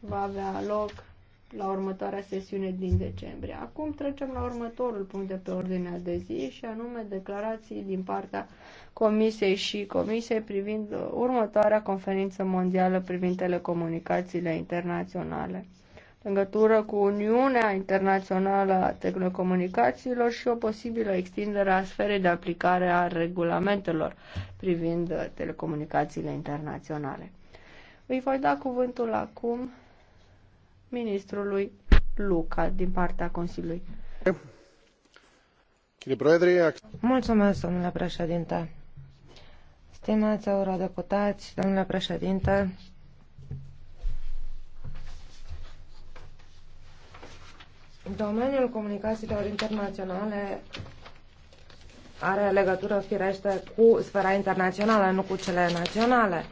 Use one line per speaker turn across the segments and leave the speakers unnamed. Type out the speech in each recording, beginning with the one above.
va avea loc la următoarea sesiune din decembrie. Acum trecem la următorul punct de pe ordinea de zi și anume declarații din partea Comisiei și Comisiei privind uh, următoarea conferință mondială privind telecomunicațiile internaționale legătură cu Uniunea Internațională a Telecomunicațiilor și o posibilă extindere a sferei de aplicare a regulamentelor privind uh, telecomunicațiile internaționale. Îi voi da cuvântul acum
ministrului Luca din partea Consiliului. Mulțumesc, domnule președinte. Stimați eurodeputați, domnule președinte, domeniul comunicațiilor internaționale are legătură firește cu sfera internațională, nu cu cele naționale.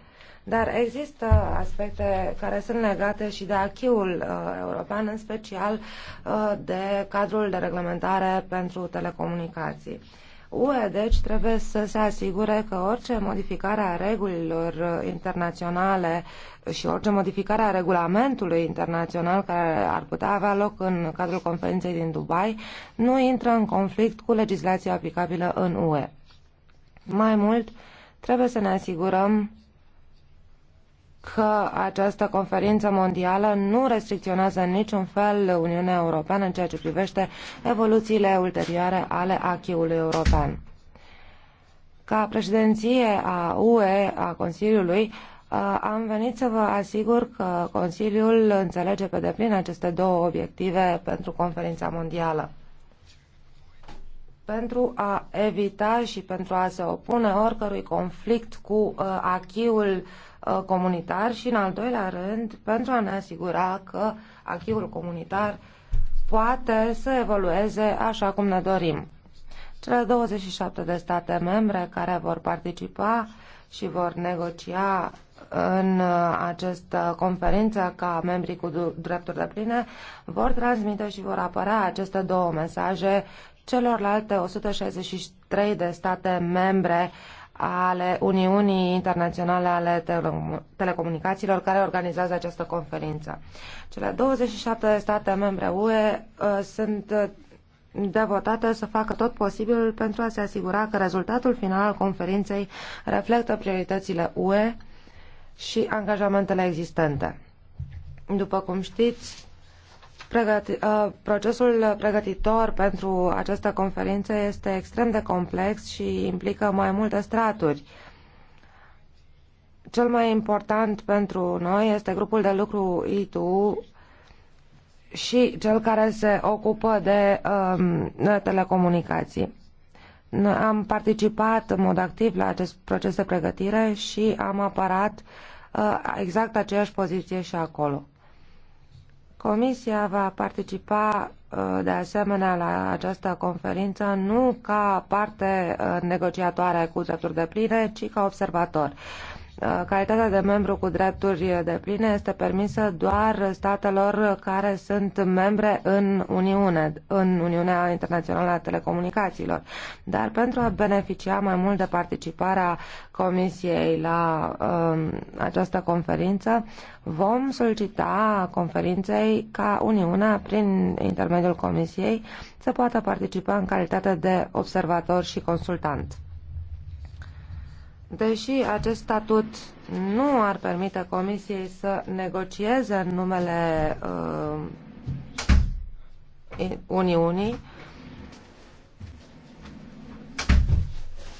Dar există aspecte care sunt legate și de achiul uh, european, în special uh, de cadrul de reglementare pentru telecomunicații. UE, deci, trebuie să se asigure că orice modificare a regulilor internaționale și orice modificare a regulamentului internațional care ar putea avea loc în cadrul conferinței din Dubai nu intră în conflict cu legislația aplicabilă în UE. Mai mult, trebuie să ne asigurăm că această conferință mondială nu restricționează în niciun fel Uniunea Europeană în ceea ce privește evoluțiile ulterioare ale achiului european. Ca președinție a UE, a Consiliului, am venit să vă asigur că Consiliul înțelege pe deplin aceste două obiective pentru conferința mondială pentru a evita și pentru a se opune oricărui conflict cu uh, achiul Uh, comunitar și, în al doilea rând, pentru a ne asigura că achiul comunitar poate să evolueze așa cum ne dorim. Cele 27 de state membre care vor participa și vor negocia în uh, această conferință ca membrii cu drepturi de pline vor transmite și vor apăra aceste două mesaje celorlalte 163 de state membre ale Uniunii Internaționale ale Telecomunicațiilor care organizează această conferință. Cele 27 de state membre UE uh, sunt uh, devotate să facă tot posibilul pentru a se asigura că rezultatul final al conferinței reflectă prioritățile UE și angajamentele existente. După cum știți, Pregăti, uh, procesul pregătitor pentru această conferință este extrem de complex și implică mai multe straturi. Cel mai important pentru noi este grupul de lucru ITU și cel care se ocupă de um, telecomunicații. Noi am participat în mod activ la acest proces de pregătire și am apărat uh, exact aceeași poziție și acolo. Comisia va participa uh, de asemenea la această conferință nu ca parte uh, negociatoare cu drepturi de pline, ci ca observator. Uh, calitatea de membru cu drepturi de pline este permisă doar statelor care sunt membre în Uniune, în Uniunea Internațională a Telecomunicațiilor. Dar pentru a beneficia mai mult de participarea Comisiei la um, această conferință, vom solicita conferinței ca Uniunea, prin intermediul Comisiei, să poată participa în calitate de observator și consultant. Deși acest statut nu ar permite Comisiei să negocieze în numele uh, Uniunii,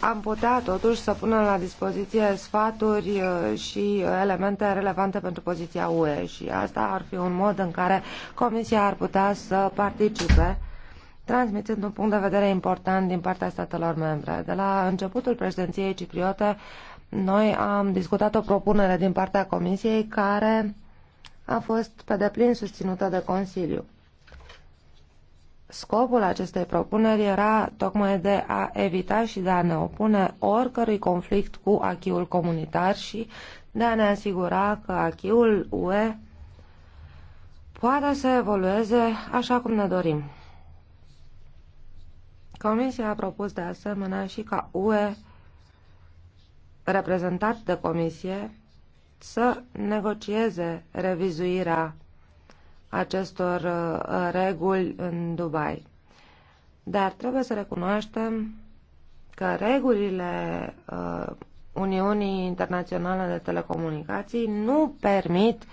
am putea totuși să punem la dispoziție sfaturi uh, și elemente relevante pentru poziția UE și asta ar fi un mod în care Comisia ar putea să participe transmitând un punct de vedere important din partea statelor membre. De la începutul președinției cipriote, noi am discutat o propunere din partea Comisiei care a fost pe deplin susținută de Consiliu. Scopul acestei propuneri era tocmai de a evita și de a ne opune oricărui conflict cu achiul comunitar și de a ne asigura că achiul UE poate să evolueze așa cum ne dorim. Comisia a propus de asemenea și ca UE, reprezentat de Comisie, să negocieze revizuirea acestor uh, reguli în Dubai. Dar trebuie să recunoaștem că regulile uh, Uniunii Internaționale de Telecomunicații nu permit uh,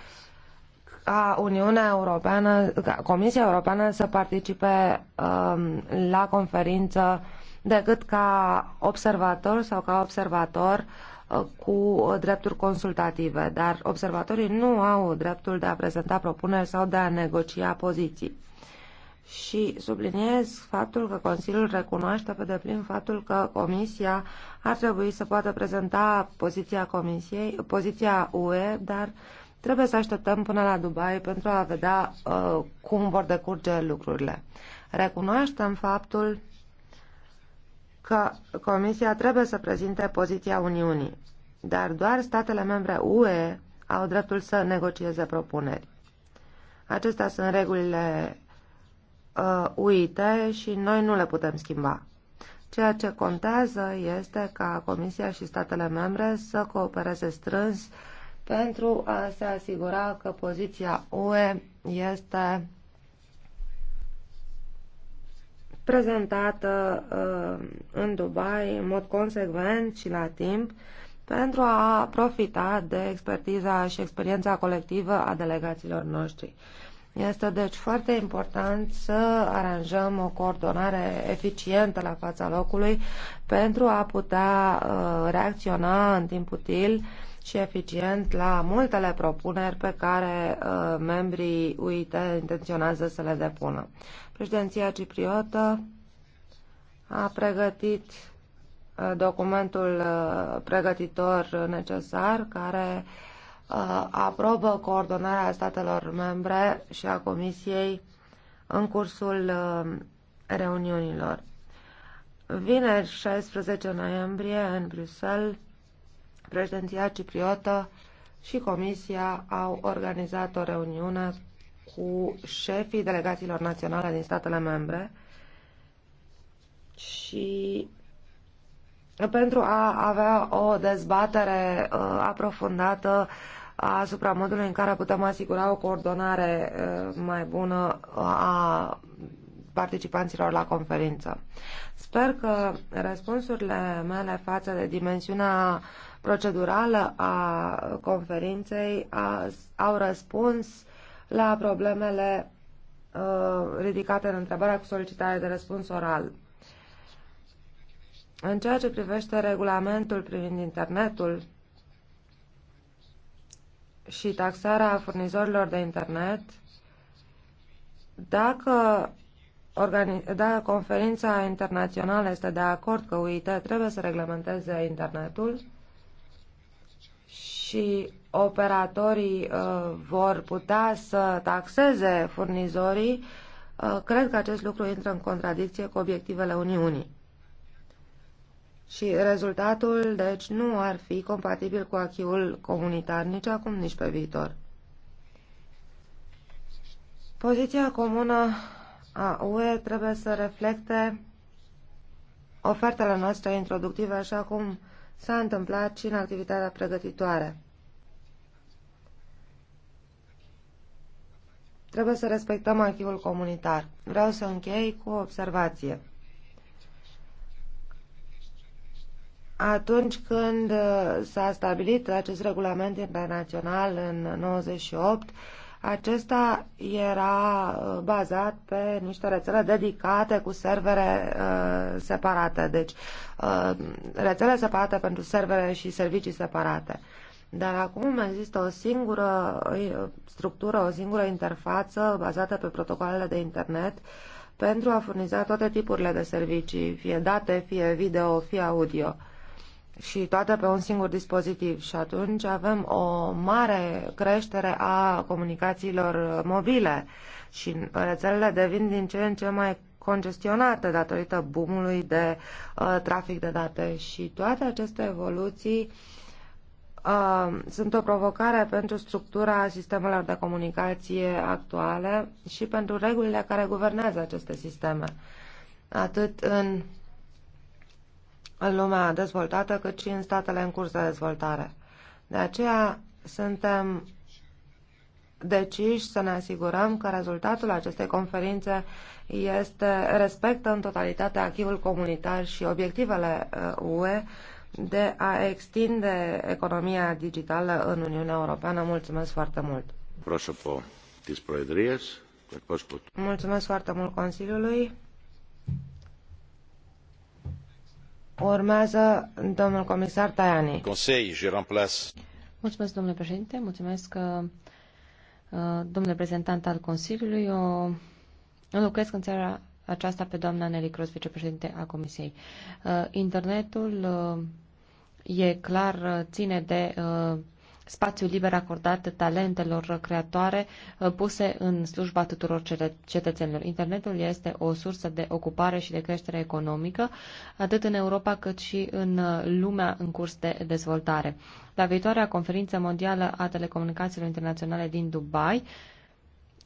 ca Uniunea Europeană, ca Comisia Europeană să participe um, la conferință decât ca observator sau ca observator uh, cu drepturi consultative, dar observatorii nu au dreptul de a prezenta propuneri sau de a negocia poziții. Și subliniez faptul că Consiliul recunoaște pe deplin faptul că Comisia ar trebui să poată prezenta poziția, comisiei, poziția UE, dar uh, Trebuie să așteptăm până la Dubai pentru a vedea uh, cum vor decurge lucrurile. Recunoaștem faptul că Comisia trebuie să prezinte poziția Uniunii, dar doar statele membre UE au dreptul să negocieze propuneri. Acestea sunt regulile uh, uite și noi nu le putem schimba. Ceea ce contează este ca Comisia și statele membre să coopereze strâns uh, pentru a se asigura că poziția UE este prezentată uh, în Dubai în mod consecvent și la timp pentru a profita de expertiza și experiența colectivă a delegaților noștri. Este deci foarte important să aranjăm o coordonare eficientă la fața locului pentru a putea uh, reacționa în timp util uh, și eficient la multele propuneri pe care uh, membrii UIT intenționează să le depună. Președinția cipriotă a pregătit uh, documentul uh, pregătitor necesar care uh, aprobă coordonarea statelor membre și a Comisiei în cursul uh, reuniunilor. Vineri 16 noiembrie în Bruxelles președinția cipriotă și Comisia au organizat o reuniune cu șefii delegațiilor naționale din statele membre și pentru a avea o dezbatere uh, aprofundată asupra modului în care putem asigura o coordonare uh, mai bună a participanților la conferință. Sper că răspunsurile mele față de dimensiunea uh, procedurală a conferinței a, au răspuns la problemele uh, ridicate în întrebarea cu solicitare de răspuns oral. În ceea ce privește regulamentul privind internetul și taxarea furnizorilor de internet, dacă dacă conferința internațională este de acord că UIT trebuie să reglementeze internetul, și operatorii uh, vor putea să taxeze furnizorii, uh, cred că acest lucru intră în contradicție cu obiectivele Uniunii. Și rezultatul, deci, nu ar fi compatibil cu achiul comunitar nici acum, nici pe viitor. Poziția comună a UE trebuie să reflecte ofertele noastre introductive, așa cum uh, s-a întâmplat și în activitatea pregătitoare. Trebuie să respectăm archivul comunitar. Vreau să închei cu o observație. Atunci când uh, s-a stabilit acest regulament internațional în 98, acesta era uh, bazat pe niște rețele dedicate cu servere uh, separate, deci uh, rețele separate pentru servere și servicii separate. Dar acum există o singură uh, structură, o singură interfață bazată pe protocoalele de internet pentru a furniza toate tipurile de servicii, fie date, fie video, fie audio. Uh, și toate pe un singur dispozitiv și atunci avem o mare creștere a comunicațiilor mobile și rețelele devin din ce în ce mai congestionate datorită boomului de uh, trafic de date și toate aceste evoluții uh, sunt o provocare pentru structura sistemelor de comunicație actuale și pentru regulile care guvernează aceste sisteme, atât în în lumea dezvoltată, cât și în statele în curs de dezvoltare. De aceea suntem deciși să ne asigurăm că rezultatul acestei conferințe este respectă în totalitate acquis comunitar și obiectivele uh, UE de a extinde economia digitală în Uniunea Europeană. Mulțumesc foarte mult! Mulțumesc foarte mult Consiliului! Urmează domnul comisar Tajani. Consei, je remplace.
Mulțumesc, domnule președinte, mulțumesc că uh, uh, domnul reprezentant al Consiliului. Eu înlocuiesc în țara aceasta pe doamna Nelly Cross, vicepreședinte a Comisiei. Uh, internetul e clar, ține de spațiu liber acordat talentelor creatoare uh, puse în slujba tuturor cetățenilor. Internetul este o sursă de ocupare și de creștere economică, atât în Europa cât și în uh, lumea în curs de dezvoltare. La viitoarea conferință mondială a telecomunicațiilor internaționale din Dubai,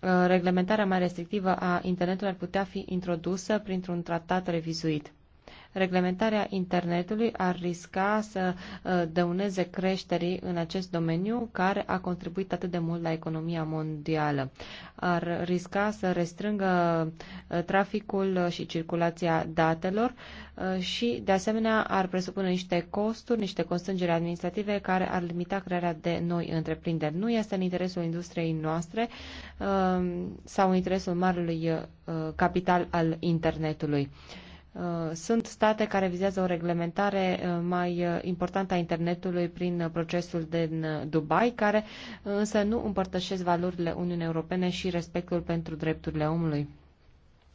uh, reglementarea mai restrictivă a internetului ar putea fi introdusă printr-un tratat revizuit. Reglementarea internetului ar risca să uh, dăuneze creșterii în acest domeniu care a contribuit atât de mult la economia mondială. Ar risca să restrângă uh, traficul și circulația datelor uh, și, de asemenea, ar presupune niște costuri, niște constrângeri administrative care ar limita crearea de noi întreprinderi. Nu este în interesul industriei noastre sau în interesul marului capital al internetului. Uh, sunt state care vizează o reglementare uh, mai uh, importantă a internetului prin procesul din Dubai, care însă nu împărtășesc valorile Uniunii Europene și respectul pentru drepturile omului.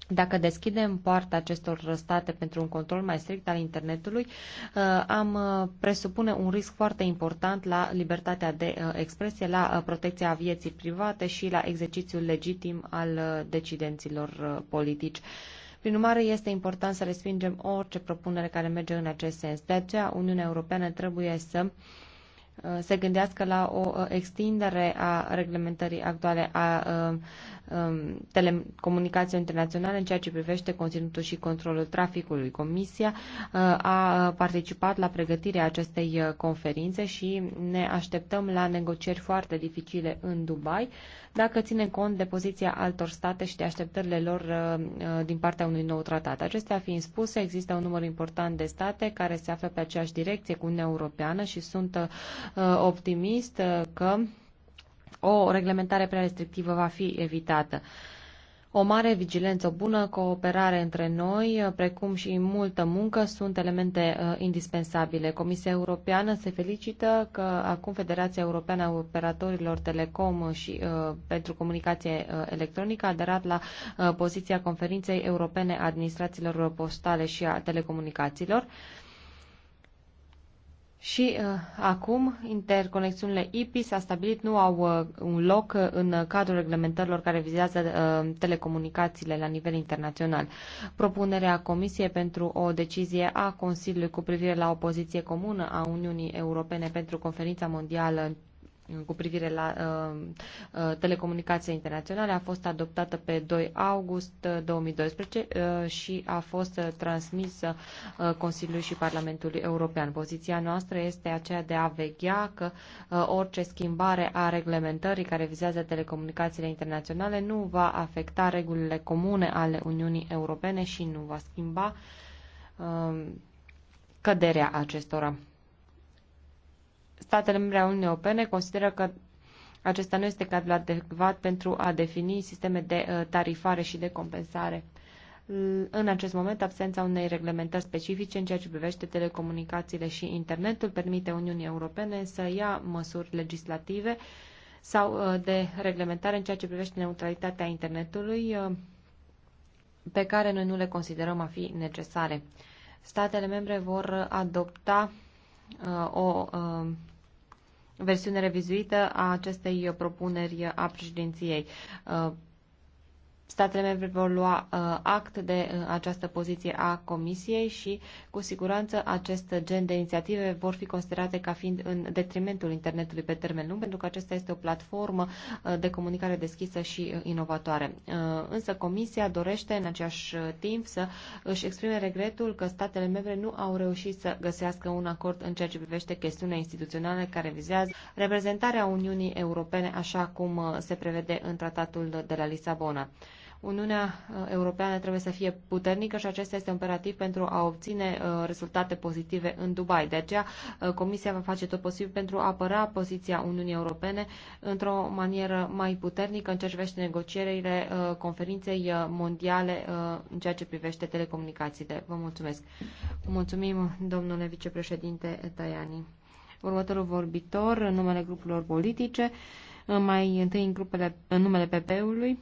Dacă deschidem poarta acestor state pentru un control mai strict al internetului, am presupune un risc foarte important la libertatea de expresie, la protecția vieții private și la exercițiul legitim al decidenților politici. Prin urmare, este important să respingem orice propunere care merge în acest sens. De aceea, Uniunea Europeană trebuie să uh, se gândească la o uh, extindere a reglementării actuale a uh, um, telecomunicațiilor internaționale în ceea ce privește conținutul și controlul traficului. Comisia a participat la pregătirea acestei conferințe și ne așteptăm la negocieri foarte dificile în Dubai dacă ținem cont de poziția altor state și de așteptările lor uh, uh, din partea unui nou tratat. Acestea fiind spuse, există un număr important de state care se află pe aceeași direcție cu Uniunea Europeană și sunt uh, optimist că o reglementare prea restrictivă va fi evitată. O mare vigilență, o bună cooperare între noi, precum și multă muncă, sunt elemente uh, indispensabile. Comisia Europeană se felicită că acum Federația Europeană a Operatorilor Telecom și uh, pentru Comunicație uh, Electronică a aderat la uh, poziția Conferinței Europene a Administrațiilor Postale și a Telecomunicațiilor. Uh, și uh, acum interconexiunile IP s-a stabilit, nu au uh, un loc uh, în cadrul reglementărilor care vizează uh, telecomunicațiile la nivel internațional. Propunerea Comisiei pentru o decizie a Consiliului cu privire la o poziție comună a Uniunii Europene pentru conferința mondială cu privire la uh, uh telecomunicația internaționale a fost adoptată pe 2 august 2012 uh, uh, și a fost uh, transmisă uh, Consiliului și Parlamentului European. Poziția noastră este aceea de a veghea că uh, orice schimbare a reglementării care vizează telecomunicațiile internaționale nu va afecta regulile comune ale Uniunii Europene și nu va schimba uh, căderea acestora statele membre ale Uniunii Europene consideră că acesta nu este cadrul adecvat pentru a defini sisteme de uh, tarifare și de compensare. În acest moment, absența unei reglementări specifice în ceea ce privește telecomunicațiile și internetul permite Uniunii Europene să ia măsuri legislative sau uh, de reglementare în ceea ce privește neutralitatea internetului uh, pe care noi nu le considerăm a fi necesare. Statele membre vor adopta o versiune revizuită a acestei propuneri a președinției. Uh, statele membre vor lua uh, act de uh, această poziție a Comisiei și, cu siguranță, acest gen de inițiative vor fi considerate ca fiind în detrimentul internetului pe termen lung, pentru că acesta este o platformă uh, de comunicare deschisă și uh, inovatoare. Uh, însă, Comisia dorește, în același uh, timp, să își exprime regretul că statele membre nu au reușit să găsească un acord în ceea ce privește chestiunea instituțională care vizează reprezentarea Uniunii Europene, așa cum uh, se prevede în tratatul de la Lisabona. Uniunea uh, Europeană trebuie să fie puternică și acesta este imperativ pentru a obține uh, rezultate pozitive în Dubai. De aceea, uh, Comisia va face tot posibil pentru a apăra poziția Uniunii Europene într-o manieră mai puternică în ceea ce privește negocierile conferinței mondiale în ceea ce privește telecomunicațiile. Vă mulțumesc. Mulțumim, domnule vicepreședinte Tajani. Următorul vorbitor, în numele grupurilor politice, mai întâi în, grupele, în numele PP-ului,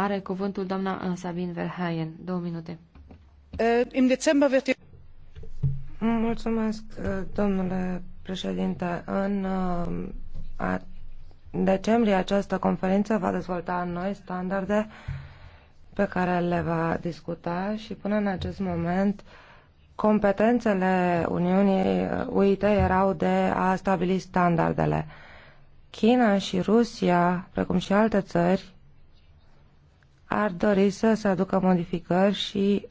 are cuvântul doamna uh, Sabine Verheyen. Două minute.
În uh, decembrie Mulțumesc, uh, domnule președinte. În decembrie această conferință va dezvolta noi standarde pe care le va discuta și până în acest moment competențele Uniunii UIT erau de a stabili standardele. China și Rusia, precum și alte țări, ar dori să se aducă modificări și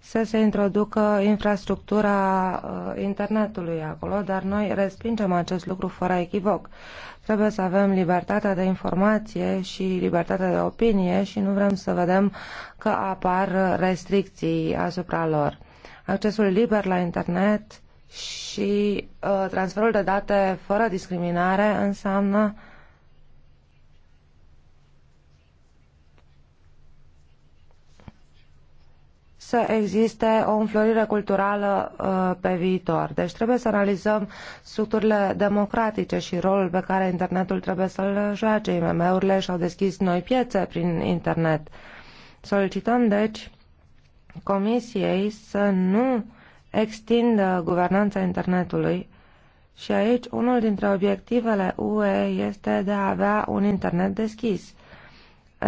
să se introducă infrastructura uh, internetului acolo, dar noi respingem acest lucru fără echivoc. Trebuie să avem libertatea de informație și libertatea de opinie și nu vrem să vedem că apar restricții asupra lor. Accesul liber la internet și uh, transferul de date fără discriminare înseamnă uh, să existe o înflorire culturală uh, pe viitor. Deci trebuie să analizăm structurile democratice și rolul pe care internetul trebuie să-l joace. IMM-urile și-au deschis noi piețe prin internet. Solicităm, deci, Comisiei să nu extindă guvernanța internetului și aici unul dintre obiectivele UE este de a avea un internet deschis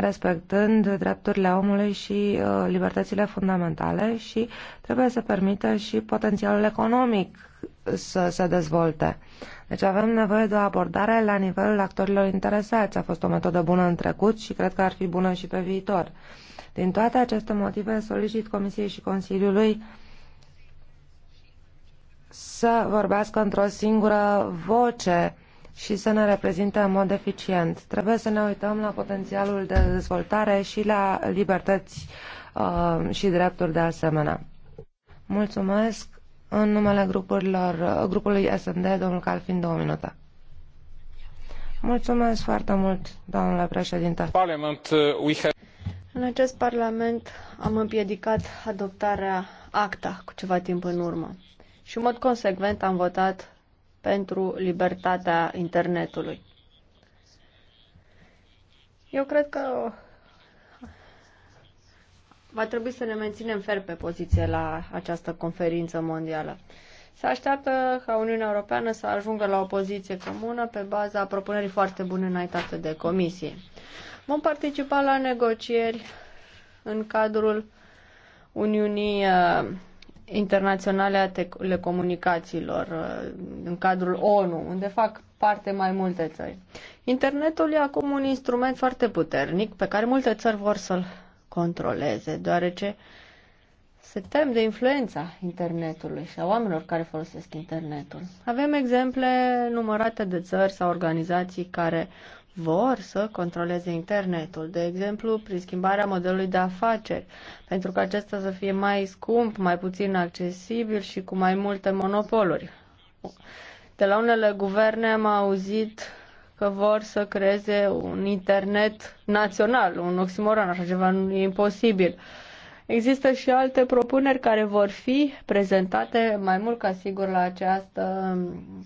respectând drepturile omului și uh, libertățile fundamentale și trebuie să permită și potențialul economic să se dezvolte. Deci avem nevoie de o abordare la nivelul actorilor interesați. A fost o metodă bună în trecut și cred că ar fi bună și pe viitor. Din toate aceste motive solicit Comisiei și Consiliului să vorbească într-o singură voce și să ne reprezinte în mod eficient. Trebuie să ne uităm la potențialul de dezvoltare și la libertăți uh, și drepturi de asemenea. Mulțumesc. În numele grupurilor, uh, grupului SND, domnul Calfin, două minute. Mulțumesc foarte mult, domnule președinte. Parliament, uh, we have... În acest parlament am
împiedicat adoptarea ACTA cu ceva timp în urmă și în mod consecvent am votat pentru libertatea internetului. Eu cred că va trebui să ne menținem fer pe poziție la această conferință mondială. Se așteaptă ca Uniunea Europeană să ajungă la o poziție comună pe baza propunerii foarte bune înaintate de comisie. Vom participa la negocieri în cadrul Uniunii uh, internaționale a telecomunicațiilor uh, în cadrul ONU, unde fac parte mai multe țări. Internetul e acum un instrument foarte puternic pe care multe țări vor să-l controleze, deoarece se tem de influența internetului și a oamenilor care folosesc internetul. Avem exemple numărate de țări sau organizații care vor să controleze internetul, de exemplu, prin schimbarea modelului de afaceri, pentru că acesta să fie mai scump, mai puțin accesibil și cu mai multe monopoluri. De la unele guverne am auzit că vor să creeze un internet național, un oximoron, așa ceva nu e imposibil. Uh, Există și alte propuneri care vor fi prezentate mai mult ca sigur la această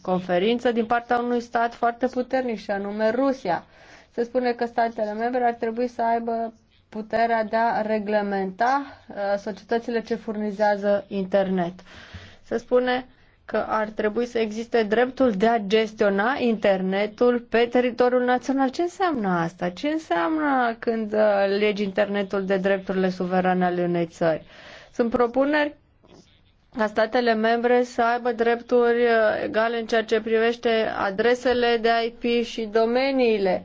conferință din partea unui stat foarte puternic și anume Rusia. Se spune că statele membre ar trebui să aibă puterea de a reglementa uh, societățile ce furnizează internet. Se spune că ar trebui să existe dreptul de a gestiona internetul pe teritoriul național. Ce înseamnă asta? Ce înseamnă când uh, legi internetul de drepturile suverane ale unei țări? Sunt propuneri ca statele membre să aibă drepturi uh, egale în ceea ce privește adresele de IP și domeniile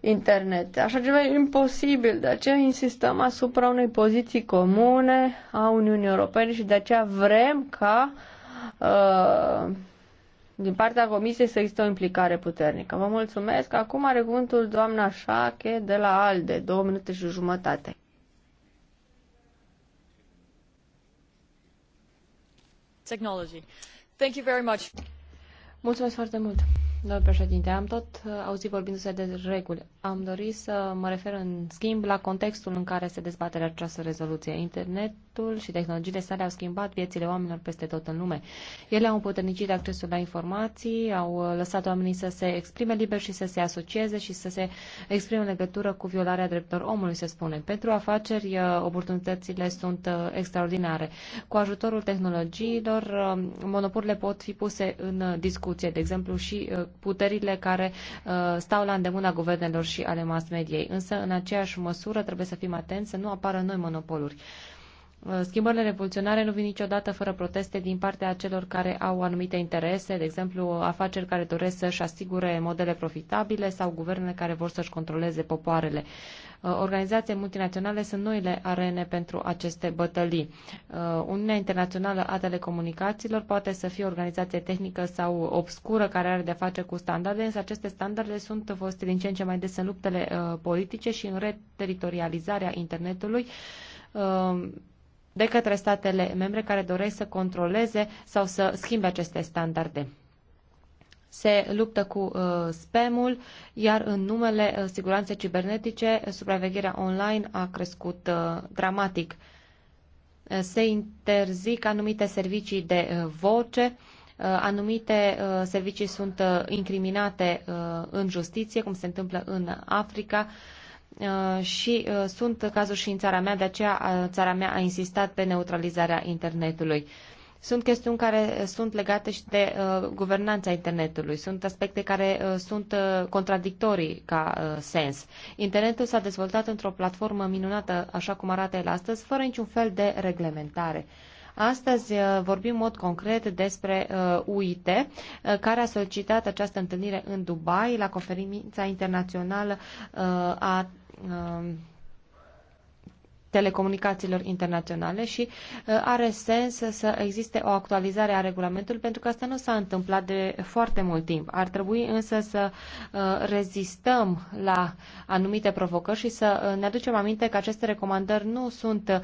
internet. Așa ceva e imposibil, de aceea insistăm asupra unei poziții comune a Uniunii Europene și de aceea vrem ca uh, uh, din partea Comisiei să există o implicare puternică. Vă mulțumesc. Acum are cuvântul doamna Șache de la ALDE, două minute și jumătate.
Technology. Thank you very much. Mulțumesc foarte mult. Domnul președinte, am tot uh, auzit vorbindu-se de reguli. Am dorit să mă refer în schimb la contextul în care se dezbate această rezoluție. Internetul și tehnologiile sale au schimbat viețile oamenilor peste tot în lume. Ele au împuternicit accesul la informații, au uh, lăsat oamenii să se exprime liber și să se asocieze și să se exprime în legătură cu violarea drepturilor omului, se spune. Pentru afaceri, uh, oportunitățile sunt extraordinare. Cu ajutorul tehnologiilor, monopolurile pot fi puse în discuție, de exemplu, și puterile care uh, stau la îndemâna guvernelor și ale mass mediei. Însă, în aceeași măsură, trebuie să fim atenți să nu apară noi monopoluri. Uh, schimbările revoluționare nu vin niciodată fără proteste din partea celor care au anumite interese, de exemplu afaceri care doresc să-și asigure modele profitabile sau guverne care vor să-și controleze popoarele. Uh, organizații multinaționale sunt noile arene pentru aceste bătălii. Uh, Uniunea Internațională a Telecomunicațiilor poate să fie o organizație tehnică sau obscură care are de face cu standarde, însă aceste standarde sunt foste din ce în ce mai des în luptele politice și în reteritorializarea internetului de către statele membre care doresc să controleze sau să schimbe aceste standarde. Se luptă cu uh, spamul, iar în numele uh, siguranței cibernetice, supravegherea online a crescut uh, dramatic. Uh, se interzic anumite servicii de uh, voce, uh, anumite uh, servicii sunt uh, incriminate uh, în justiție, cum se întâmplă în Africa. Uh, Uh, și uh, sunt cazuri și în țara mea, de aceea uh, țara mea a insistat pe neutralizarea internetului. Sunt chestiuni care sunt legate și de uh, guvernanța internetului. Sunt aspecte care uh, sunt uh, contradictorii ca uh, sens. Internetul s-a dezvoltat într-o platformă minunată, așa cum arată el astăzi, fără niciun fel de reglementare. Astăzi vorbim în mod concret despre UIT, care a solicitat această întâlnire în Dubai la conferința internațională a uh, telecomunicațiilor internaționale și uh, are sens să existe o actualizare a regulamentului pentru că asta nu s-a întâmplat de foarte mult timp. Ar trebui însă să uh, rezistăm la anumite provocări și să uh, ne aducem aminte că aceste recomandări nu sunt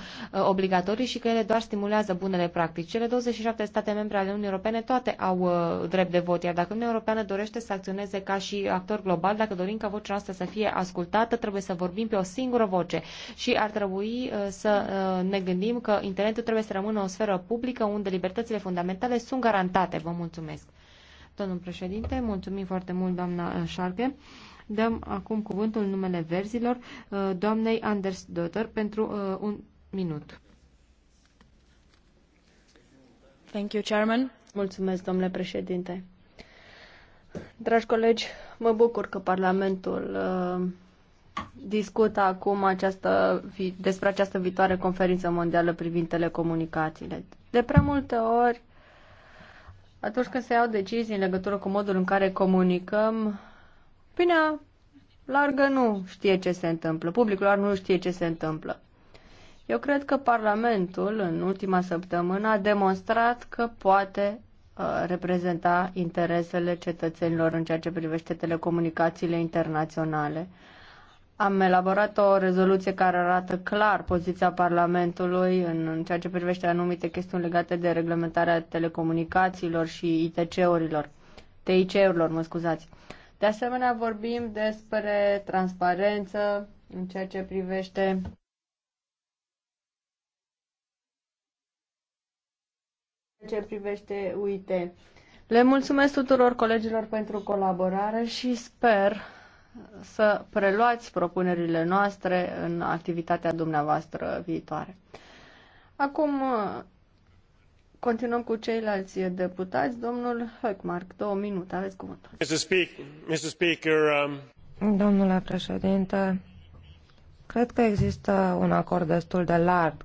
obligatorii și că ele doar stimulează bunele practici. Cele 27 state membre ale Uniunii Europene toate au drept de vot, iar dacă Uniunea Europeană dorește să acționeze ca și actor global, dacă dorim ca vocea noastră să fie ascultată, trebuie să vorbim pe o singură voce și ar trebui Uh, să uh, ne gândim că internetul trebuie să rămână o sferă publică unde libertățile fundamentale sunt garantate. Vă mulțumesc. Domnul președinte, mulțumim foarte mult, doamna uh, Șarpe. Dăm acum cuvântul numele verzilor doamnei Anders Dotter pentru un minut. Thank you, Chairman. Mulțumesc, domnule
președinte. Dragi colegi, mă bucur că Parlamentul uh, discută acum această, despre această viitoare conferință mondială privind telecomunicațiile. De prea multe ori, atunci când se iau decizii în legătură cu modul în care comunicăm, bine, largă nu știe ce se întâmplă, publicul larg nu știe ce se întâmplă. Eu cred că Parlamentul, în ultima săptămână, a demonstrat că poate uh, reprezenta interesele cetățenilor în ceea ce privește telecomunicațiile internaționale. Am elaborat o rezoluție care arată clar poziția Parlamentului în, ceea ce privește anumite chestiuni legate de reglementarea telecomunicațiilor și ITC-urilor, TIC-urilor, mă scuzați. De asemenea, vorbim despre transparență în ceea ce privește în ce privește UIT. Le mulțumesc tuturor colegilor pentru colaborare și sper să preluați propunerile noastre în activitatea dumneavoastră viitoare. Acum continuăm cu ceilalți deputați. Domnul
Höckmark, două minute, aveți cuvântul.
Mr. Speaker,
um, Domnule președinte, cred că există un acord destul de larg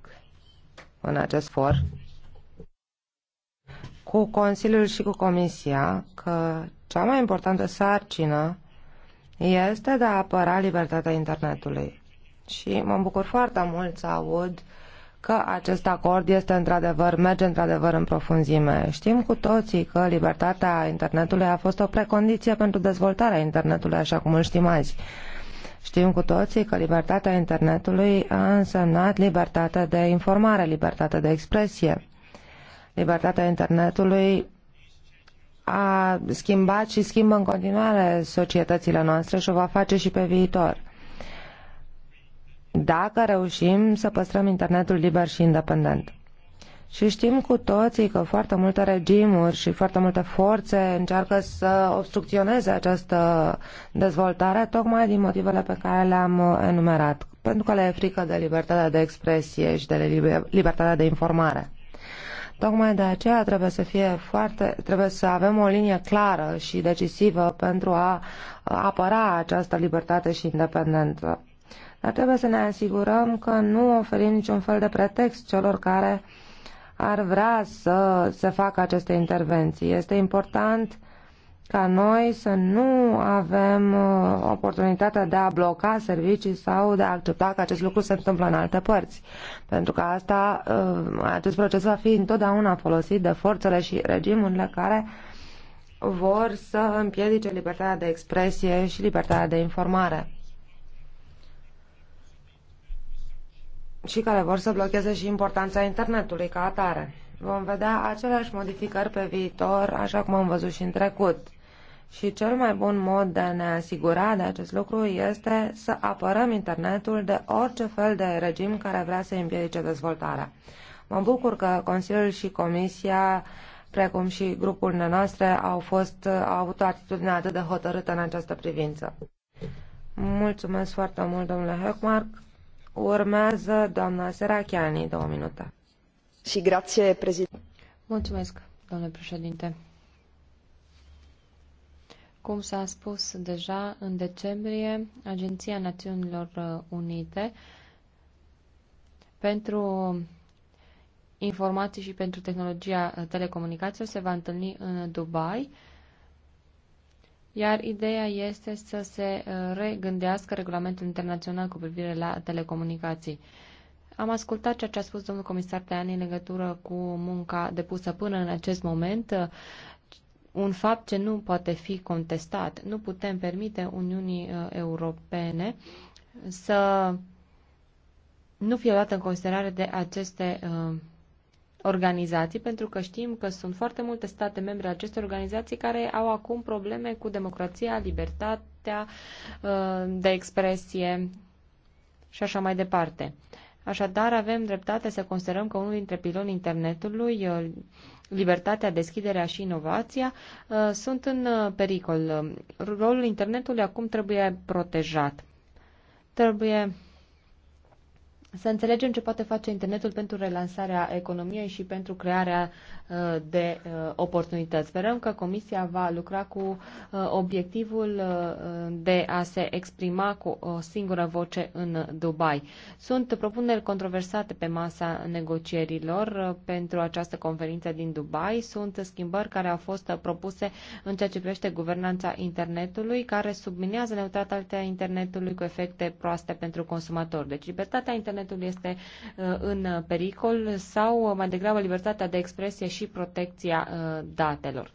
în acest for cu Consiliul și cu Comisia că cea mai importantă sarcină este de a apăra libertatea internetului. Și mă bucur foarte mult să aud că acest acord este într-adevăr, merge într-adevăr în profunzime. Știm cu toții că libertatea internetului a fost o precondiție pentru dezvoltarea internetului, așa cum îl știm azi. Știm cu toții că libertatea internetului a însemnat libertatea de informare, libertatea de expresie. Libertatea internetului a schimbat și schimbă în continuare societățile noastre și o va face și pe viitor. Dacă reușim să păstrăm internetul liber și independent. Și știm cu toții că foarte multe regimuri și foarte multe forțe încearcă să obstrucționeze această dezvoltare tocmai din motivele pe care le-am enumerat, pentru că le e frică de libertatea de expresie și de libertatea de informare. Tocmai de aceea trebuie să fie foarte, trebuie să avem o linie clară și decisivă pentru a apăra această libertate și independență. Dar trebuie să ne asigurăm că nu oferim niciun fel de pretext celor care ar vrea să se facă aceste intervenții. Este important ca noi să nu avem uh, oportunitatea de a bloca servicii sau de a accepta că acest lucru se întâmplă în alte părți. Pentru că asta, uh, acest proces va fi întotdeauna folosit de forțele și regimurile care vor să împiedice libertatea de expresie și libertatea de informare. Și care vor să blocheze și importanța internetului ca atare vom vedea aceleași modificări pe viitor, așa cum am văzut și în trecut. Și cel mai bun mod de a ne asigura de acest lucru este să apărăm internetul de orice fel de regim care vrea să împiedice dezvoltarea. Mă bucur că Consiliul și Comisia precum și grupurile noastre au, fost, au avut o atitudine atât de hotărâtă în această privință. Mulțumesc foarte mult, domnule Höckmark. Urmează doamna Serachiani, două minute. Și grație, prezident. Mulțumesc, domnule președinte.
Cum s-a spus deja, în decembrie, Agenția Națiunilor uh, Unite pentru informații și pentru tehnologia uh, telecomunicațiilor se va întâlni în Dubai, iar ideea este să se uh, regândească regulamentul internațional cu privire la telecomunicații. Am ascultat ceea ce a spus domnul comisar Tajani în legătură cu munca depusă până în acest moment un fapt ce nu poate fi contestat. Nu putem permite Uniunii uh, Europene să nu fie luată în considerare de aceste uh, organizații, pentru că știm că sunt foarte multe state membre aceste organizații care au acum probleme cu democrația, libertatea uh, de expresie și așa mai departe. Uh, Așadar, avem dreptate să considerăm că unul dintre piloni internetului, uh, libertatea, deschiderea și inovația, uh, sunt în uh, pericol. Rolul internetului acum trebuie protejat. Trebuie să înțelegem ce poate face internetul pentru relansarea economiei și pentru crearea uh, de uh, oportunități. Sperăm că Comisia va lucra cu uh, obiectivul de a se exprima cu o singură voce în Dubai. Sunt propuneri controversate pe masa negocierilor pentru această conferință din Dubai. Sunt schimbări care au fost propuse în ceea ce privește guvernanța internetului, care subminează neutralitatea internetului cu efecte proaste pentru consumatori. Deci libertatea internetului internetul este uh, în pericol sau uh, mai degrabă libertatea de expresie și protecția uh, datelor.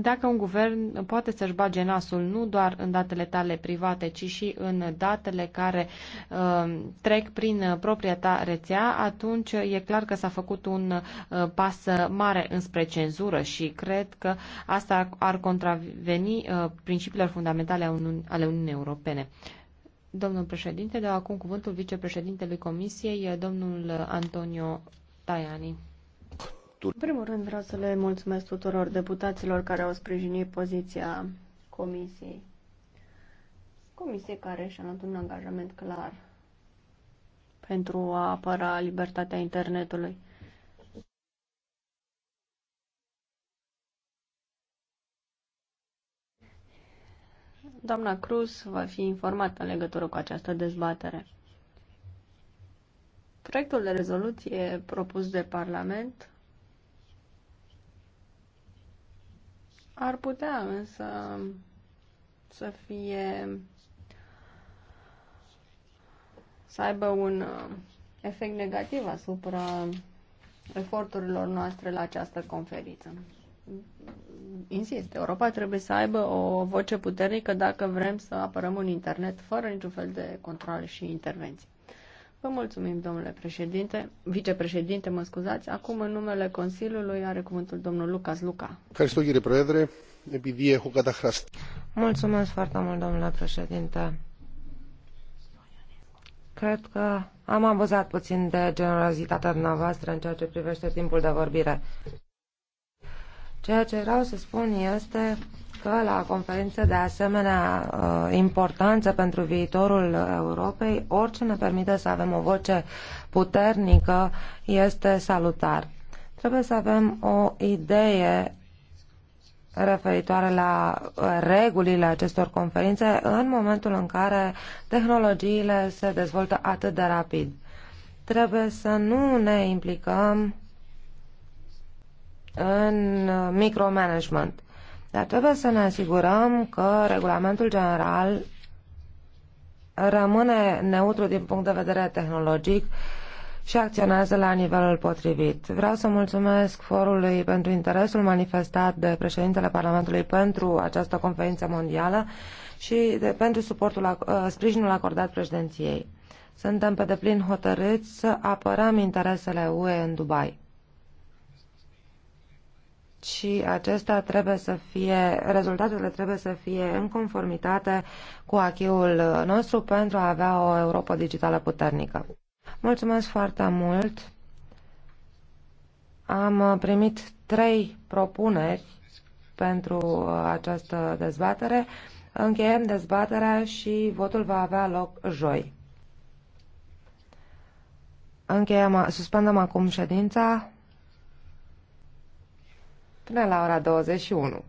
Dacă un guvern poate să-și bage nasul nu doar în datele tale private, ci și în datele care uh, trec prin propria ta rețea, atunci e clar că s-a făcut un uh, pas mare înspre cenzură și cred că asta ar contraveni uh, principiilor fundamentale ale Uniunii Europene. Domnul președinte, dau acum cuvântul vicepreședintelui Comisiei, domnul Antonio Tajani. În primul rând vreau să
le mulțumesc tuturor deputaților care au sprijinit poziția Comisiei. Comisie care și-a luat un angajament clar pentru a apăra libertatea internetului. Doamna Cruz va fi informată în legătură cu această dezbatere. Proiectul de rezoluție propus de Parlament ar putea însă să fie să aibă un uh, efect negativ asupra eforturilor noastre la această conferință insist, Europa trebuie să aibă o voce puternică dacă vrem să apărăm un internet fără niciun fel de control și intervenții. Vă mulțumim, domnule președinte, vicepreședinte, mă scuzați. Acum, în numele Consiliului, are cuvântul
domnul Lucas Luca. Mulțumesc foarte mult, domnule președinte. Cred că am abuzat puțin de generozitatea dumneavoastră în ceea ce privește timpul de vorbire. Ceea ce vreau să spun este că la conferință de asemenea uh, importanță pentru viitorul Europei, orice ne permite să avem o voce puternică este salutar. Trebuie să avem o idee referitoare la uh, regulile acestor conferințe în momentul în care tehnologiile se dezvoltă atât de rapid. Trebuie să nu ne implicăm în micromanagement. Dar trebuie să ne asigurăm că regulamentul general rămâne neutru din punct de vedere tehnologic și acționează la nivelul potrivit. Vreau să mulțumesc forului pentru interesul manifestat de președintele Parlamentului pentru această conferință mondială și de, pentru suportul, ă, sprijinul acordat președinției. Suntem pe deplin hotărâți să apărăm interesele UE în Dubai și acestea trebuie să fie, rezultatele trebuie să fie în conformitate cu achiul nostru pentru a avea o Europa digitală puternică. Mulțumesc foarte mult! Am primit trei propuneri pentru uh, această dezbatere. Încheiem dezbaterea și votul va avea loc joi. Încheiem, suspendăm acum ședința până la ora 21.